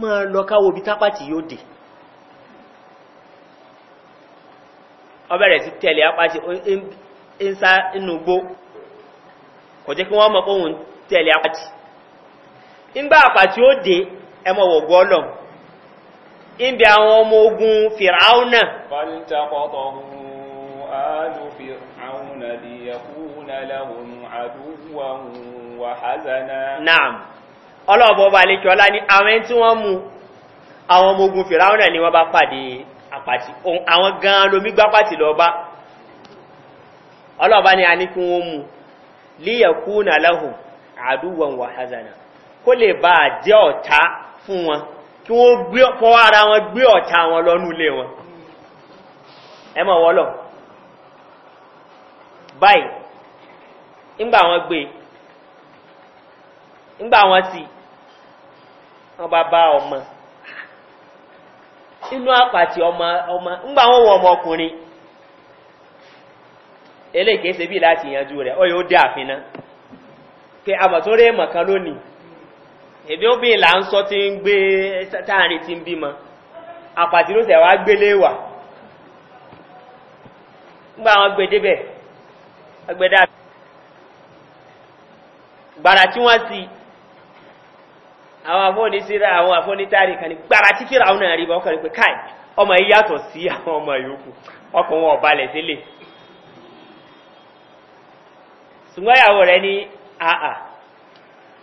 máa lọ káwọ́ bí tápàtì yóò dé ọbẹ̀rẹ̀ sí tẹ̀lé apàtì ìnsá inú gbó kò jẹ́ kí wọ́n mọ̀ ohun tẹ̀lé apàtì ńgbà apàtì ó dé ẹmọ ìbí àwọn ọmọ ogun آل فرعون ليكون لهم عدوا وحزنا نعم الله ọ̀bọ̀bà àlejò ọlá ní àwọn ẹni tí wọ́n mú àwọn ọmọ ogun fìràúnà ni wọ́n bá pàdé àpàtì àwọn gan lomi gbápàtì lọ bá ọlọ́ọ̀bá ni a ní kí wọ́n mú líyẹ̀kú nà lẹ́hùn àdúwọ̀n wà hazana kó lè bá jẹ́ ọ̀tá fún wọn kí wọ́n gbé ọ̀pọ̀ ara wọn gbé ọ̀tá wọn lọ́nú ilé wọn ẹmọ wọ́lọ̀ báyìí ńgbà wọn gbé ńgbà wọn sì wọn bá bá ọmọ inú àpàtì ọmọ ọmọ ńgbà wọn wọ ọmọkùnrin eléyìí ṣe bí láti yanjú rẹ ó yóò dé a pé àmọ̀tún mọ̀kan lónìí èdè obìnrin là ń sọ ti ń gbé táàrin ti ń bímọ àpàtì ló tẹ̀ wá gbélé wà ńgbà wọn agbede abụọ. tí wọ́n ti àwọn afọ́ni síra àwọn afọ́ni táàrí kan tí fíra àwọn àríbá ọkọ̀ pé káì ọmọ yìí sí àwọn ọmọ yòókù ọkùn wọn ọ̀balẹ̀ sílẹ̀ ṣùgbọ́n rẹ̀ ní àà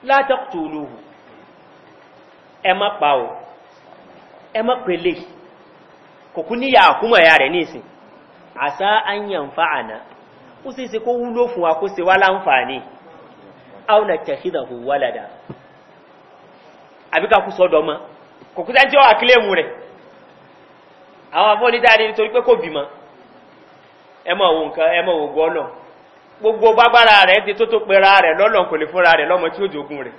látọ̀tù olóhùn ò ó sì ṣe kó wúlò fún wa kó ṣe wá láǹfààní àwọn àtẹ̀sídàhù wàlàdà àbíká kú sọ́dọ̀ mọ́ kò kú sáà tí wọ́n àkílẹ̀mù rẹ̀ àwọn afọ́nidáre nítorí pé kò bímọ ẹ mọ̀ wò nǹkan ẹ mọ̀ wò gbọ́nà gbogbo bágbára rẹ̀ ti tó tó pera rẹ̀ lọ́lọ́n kò lè fúnra rẹ̀ lọ́mọ tí ó jogun rẹ̀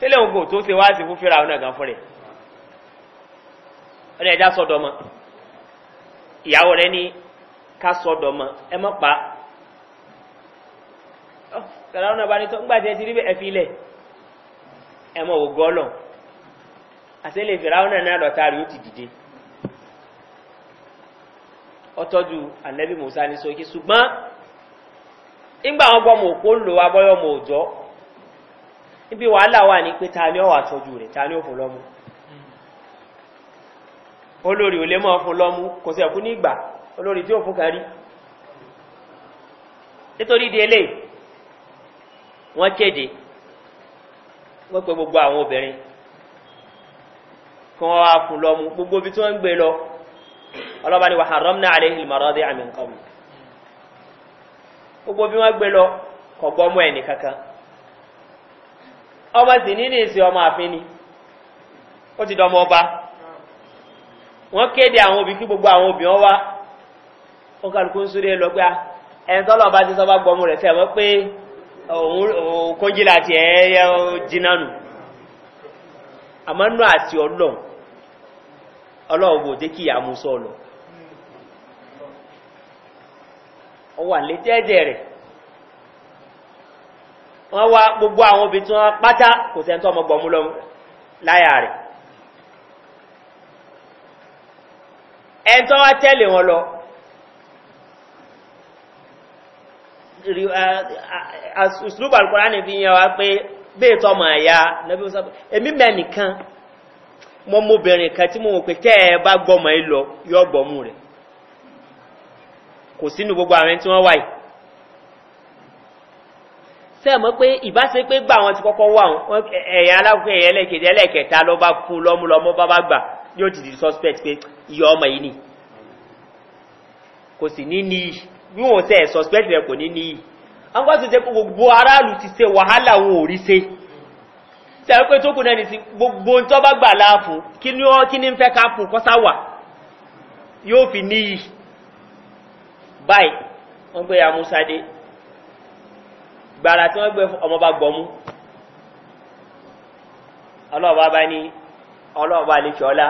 tẹ́lẹ̀ ogun tó ṣe sọ́dọ̀ mọ́ ẹ mọ́ pa fẹ̀rẹ̀ náà bá ní tó ń gbàtẹ́ ti rí bẹ́ẹ̀ fi ilẹ̀ ẹmọ ògọ́ lọ àtẹ́lẹ̀ fẹ̀rẹ̀ náà náà lọ́ta ó ti dìde musa ní sókè ṣùgbọ́n ìgbà wọn gbọ́ mọ̀ òkú ń lò wá bọ́yọ̀ mọ̀ òjọ́ wà ta ni ta ni wọ́n kéde wọ́n pe gbogbo àwọn obìnrin kan wá fún lọ́mú gbogbo ibi tí wọ́n ń gbé lọ ọlọ́ba ni wàhálà náà gbogbo bí wọ́n gbé lọ kọ̀ gbọ́mọ ẹ̀ nìkankan ọmọ sì ní ní ọmọ àfin ni ó ti dọmọ ọba wọ́n kéde àwọn obì kí gbogbo àwọn obì wọn wá ó kálukú ń súré lọ pé ah, ẹni ọba ti sọ bá rẹ̀ pé kójílá ti ẹ̀yẹ jínánù àmọ́nú àti ọlọ́run ọlọ́run bò Amuso kí ọwà lè tẹ́ẹ̀dẹ̀ rẹ̀ wọ́n wá gbogbo àwọn obì tí wọ́n pátá kò tẹ́ntọ́ ọmọ gbọmú lọ láyà rẹ̀ ẹ̀ntọ́ wá tẹ́lẹ̀ wọn lọ ìsúlùbà alukọ̀ránì fi yẹn wa pé bẹ́ẹ̀ tọ́ ma ya nàbí musa èmi mẹ́nìkan mọ́ mọ́bìnrin kan tí mo mọ̀ pé tẹ́ ẹ bá gbọ́mọ̀ ẹ lọ yọ gbọ́mù rẹ̀ kò sínú gbogbo àwọn tí wọ́n wáyìí sẹ́ẹ̀mọ́ pé ìbáṣe pé gbà wọn ti kọ́kọ́ wà wọn ẹ̀yà alákùnkùn ẹ̀yà ẹlẹ́kẹ̀ẹ́ ni bí wọ́n tẹ́ suspect rẹ̀ kò ní níyì àwọn tó jẹ́ pé gbogbo aráàlú ti se wàhálà wọn ò rí se tẹ́rẹ pé tó kù náà ní sí gbogbo tó bá gbà láàfún kí ní ọ́ kí ní ń fẹ́ káàfún kọ́sáwà yóò fi níyì báyìí wọ́n gbé amúsáde gbàrà tí wọ́n gbé ọmọba gbọ́mú ọlọ́ọ̀bá bá ní ọlọ́ọ̀bá lè ṣọ́lá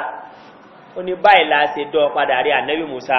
ó ní báyìí láti dọ́ padà rí ànẹ́bí musa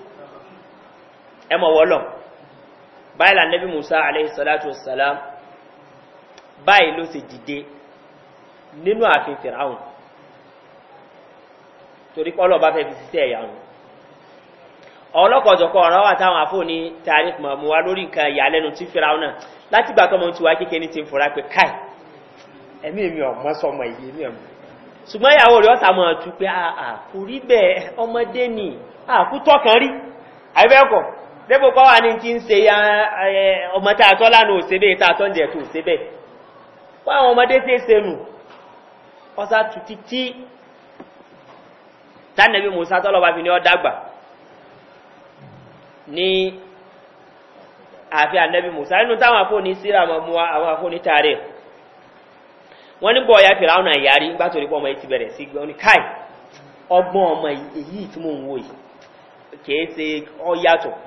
ẹmọ wọlọ báyìí la nabi musa aleyhisalatu wasalam báyìí ló sì dìde nínú ààfin fìràhùn torí pọ́lọ̀ bá fẹ́ fi ṣiṣẹ́ ẹ̀yà wọn ọlọ́kọ̀ọ̀jọ̀kọ̀ ọ̀rọ̀ wà táwọn àfóòní tààrí mọ̀mú wa lórí nǹkan ìyàlẹ́nu tí fìràhùn náà láti gbà tọmọ tí wá kéke ní ti ń fura pé káì ẹ̀mí mi ọ̀mọ sọmọ èyí mi ọ̀mọ ṣùgbọ́n ìyàwó rẹ̀ ọ̀tà mọ̀ ọ̀tún pé àkúrí bẹ́ẹ̀ ọmọdé ni àkútọ́ kan rí àìbẹ́ẹ̀kọ̀ débò kọ́ wà ní kí ń se ọmọ tààtọ́ lánà òsèbẹ̀ tààtọ́ ń jẹ́ tó òsèbẹ̀ wọ́n àwọn ọmọdé tẹ́ sẹ́nu ọsá tutí tí tánàbí musa tọ́lọ́bà fi ní ọdágbà ní àfi ànàbí musa nínú táwọn afóní síra mọ́ àwọn afóní tààrẹ wọ́n ní bọ́ọ̀yá fìrà ọ̀nà ìyárí ń torí pọ́ ọmọ yìí ti bẹ̀rẹ̀ sí gbọ́n káì ọgbọ́n ọmọ tí mò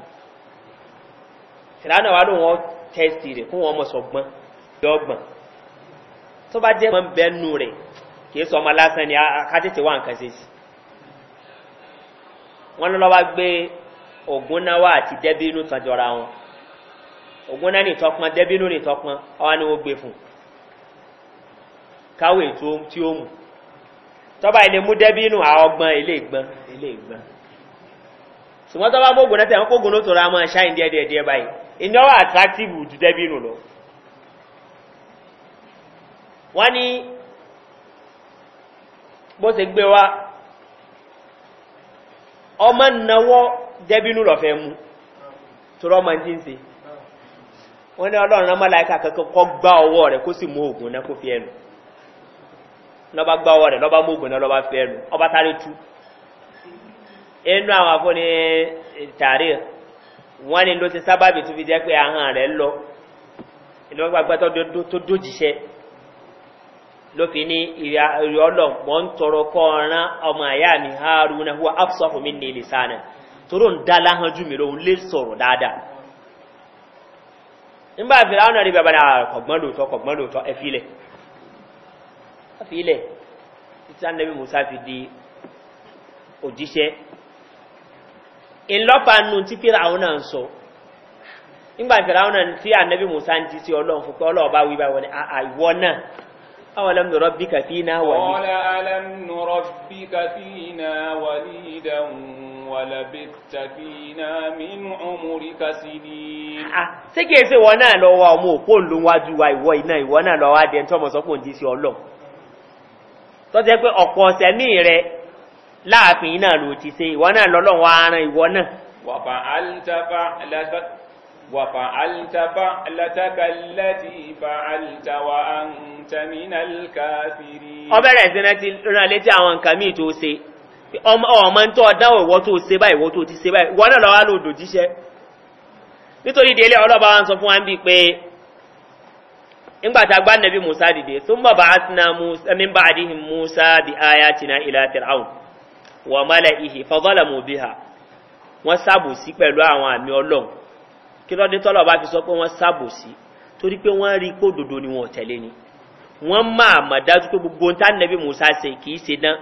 fìlànà wà ló wọn tẹ́sì rẹ̀ wọn mọ̀sọ̀gbọ́n lọ́gbọ̀n tó bá jẹ́ wọn bẹ́nu rẹ̀ kìí sọ ọmọ lásán ni akátètè wà nǹkan ṣe sí wọn lọ́lọ́ wá gbé ògùn náà ati àti dẹ́bínú tán jọra wọn ogun náà nìtọ́pọn dẹ́bínú ni wọ́n gbé fún káwé tí ó mú tọ́ba mú dẹ́bínú ilé ìgbọ́n ilé ìgbọ́n náà tẹ̀ wọ́n kó tó ra mọ́ díẹ̀díẹ̀ báyìí ìní ọwọ́ attractive ju dẹ́bìnù lọ wọ́n ní bó ṣe gbé wa ọmọ náwọ́ dẹ́bìnù lọ́fẹ́ mú tọrọ ma tí ń se wọ́n ní ọlọ́run rán mọ́láìka kankan kọ́ gbá ọwọ́ rẹ̀ kó sì mú oògùn náà kó fi ẹnu lọ́ba gbá ọwọ́ rẹ̀ lọ́ba mú oògùn náà lọ́ba fi ẹnu ọba sáré tú ẹnu àwọn wọ́n ni ló ti sábàbí tó fi jẹ́ pé ahọ́n rẹ̀ lọ ìlọ́gbàgbà tó dójíṣẹ́ ló fi ní ìrì ọlọ́ mọ́ ń tọrọ kọ́ ọ̀rán ọmọ àyà mi haaru na huwa afsọ́fù mi ní ìlìsánà tóró ń dá láhán jù mí lóhun lè sọ̀rọ̀ dáadáa nígbà fìlà ọ̀nà rí bàbá náà kọ̀gbọ́n lóòótọ́ kọ̀gbọ́n lóòótọ́ ẹ fi ilẹ̀ ẹ fi ilẹ̀ títí ànàbí musa fi di òjíṣẹ́ ìlọ́pàá nù tí fìràwọn náà ń sọ nígbà fìràwọn náà tí ànábì musa ń ti sí ọlọ́run fún pé ọlọ́run wọlé àìwọ náà àwọn ọlọ́run nù kàfí náà wọlé. ọ̀la alam kàfí náà ìdáhùn tàbí náà mínú ọmọ láàfin iná ló ti ṣe ìwọ náà lọ́lọ́run wá ran ìwọ náà. wàfà àlùtàfà wàfà àlùtàfà látàkà láti ìfà àlùtàwà àǹtàmínà káfírí. wọ́n bẹ̀rẹ̀ sí náà ti rán létí àwọn nǹkan míì tó ṣe ọmọ ń tọ́ dáwọ̀ ìwọ tó ṣe báyìí ìwọ tó ti nítorí délé ọlọ́ba wa ń sọ fún wa bí pé ngbàtà nàbí musa dìde súnmọ́ bá a sinà mímbà àdìhìn musa bí aya tìǹà ìlà tìràwùn wà mọ́lẹ̀ ihè fọ́gọ́lẹ̀mù bí ha wọ́n sábòsí pẹ̀lú àwọn àmì ọlọ́run kí lọ́dún tọ́lọ̀ bá fi sọ pé wọ́n sábòsí torí pé wọ́n rí kó dòdò ni wọ́n tẹ̀lé ni wọ́n máa mọ̀ dájú pé gbogbo ń tánàbí musa ṣe kì í ṣe dán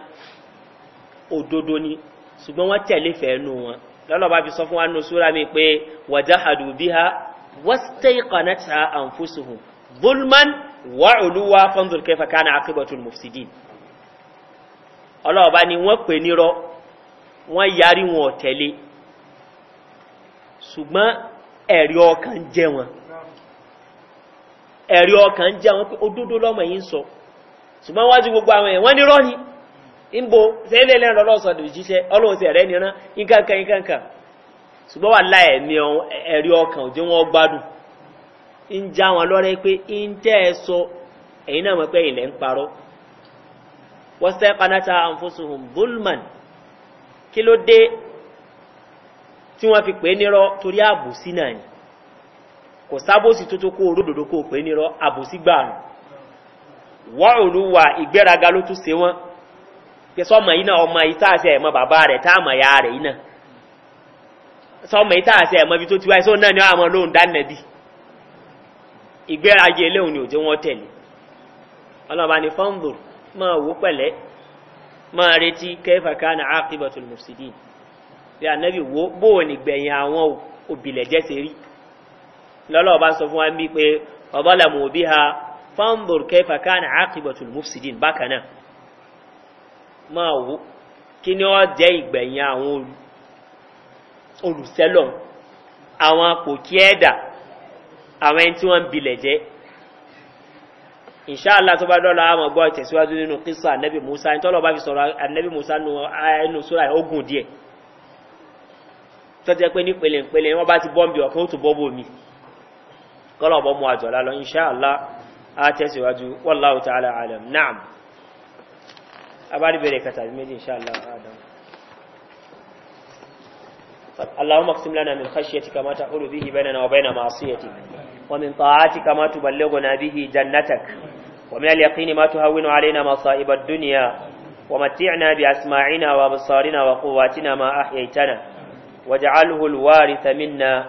òdodo ni ṣùgbọ́n wọ́n tẹ̀lé fẹ́ẹ́nu wọn lọ́lọ́ bá fi sọ fún wa nù súra mi pé wàjá àdùbí ha wọ́n tẹ́ ìkànnà ta àǹfóṣùhùn bulman wà òlúwa fọ́nzùlùkẹ́fà kánà àkíbọ̀tún mufsidin ọlọ́ọ̀bá ni wọ́n pè nírọ́ wọ́n yarí wọn tẹ̀lé ṣùgbọ́n ẹ̀rí ọkàn jẹ́ wọn ẹ̀rí ọkàn jẹ́ wọn pé òdodo lọ́mọ yìí ń sọ ṣùgbọ́n wájú gbogbo àwọn èèyàn nírọ́ ni ń náà mọ̀ pé ilẹ̀ ń parọ́ wastaiqanata anfusuhum bulman kí ló dé tí wọ́n fi pè torí àbòsí náà ni kò sábòsí tó tó kó oródòdó kó pè àbòsí gbáàrùn wọ́n òlúwà ìgbéraga ló tún se wọ́n pé ọmọ yìí ẹ̀mọ́ bàbá rẹ̀ ya ni máa wò pẹ̀lẹ́ máa retí kẹfàká na ákìbọ̀tún mùsùlùmí bí anábì wo bóò ní gbẹ̀yìn àwọn òbílẹ̀ jẹ́ ṣe rí lọ́lọ́ ọba sọ fún wa bí pé ọba làmù òbí ha fáńbòrò kẹfàká na ákìbọ̀tún mùsùlùmí bákan náà máa wò kí ni wọ́n jẹ́ ìgbẹ̀yìn àwọn olùsẹ́lọ̀ àwọn kò kí àwọn ẹni tí wọ́n ń bilẹ̀ jẹ́ inṣáàlá tó bá dọ́lọ àmọ̀ gbọ́ ìtẹ̀síwájú nínú kíso ànẹ́bì musa ní tọ́lọ̀ bá fi sọ̀rọ̀ ànẹ́bì musa nínú sóra ogun díẹ̀ tó jẹ́ pé ní pèlèpèlè wọ́n bá ti bọ́m̀bì ọ̀kan ó tún bọ́bọ̀ mi kọ́lọ̀ bọ́ mu àjọ̀lá lọ inṣáàlá á tẹ̀síwájú wọ́láwù tá àlà àlẹ̀m náà abárìbèrè kàtà bí méjì inṣáàlá àdán اللهم اقسم لنا من خشيتك ما تحول به بيننا وبين معصيتك ومن طاعتك ما تبلغنا به جنتك ومن اليقين ما تهون علينا مصائب الدنيا ومتعنا بأسماعنا وأبصارنا وقواتنا ما أحييتنا واجعله الوارث منا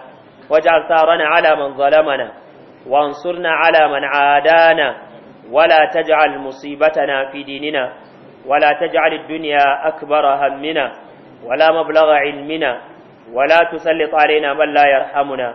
واجعل ثارنا على من ظلمنا وانصرنا على من عادانا ولا تجعل مصيبتنا في ديننا ولا تجعل الدنيا أكبر همنا ولا مبلغ علمنا ولا تسلط علينا من لا يرحمنا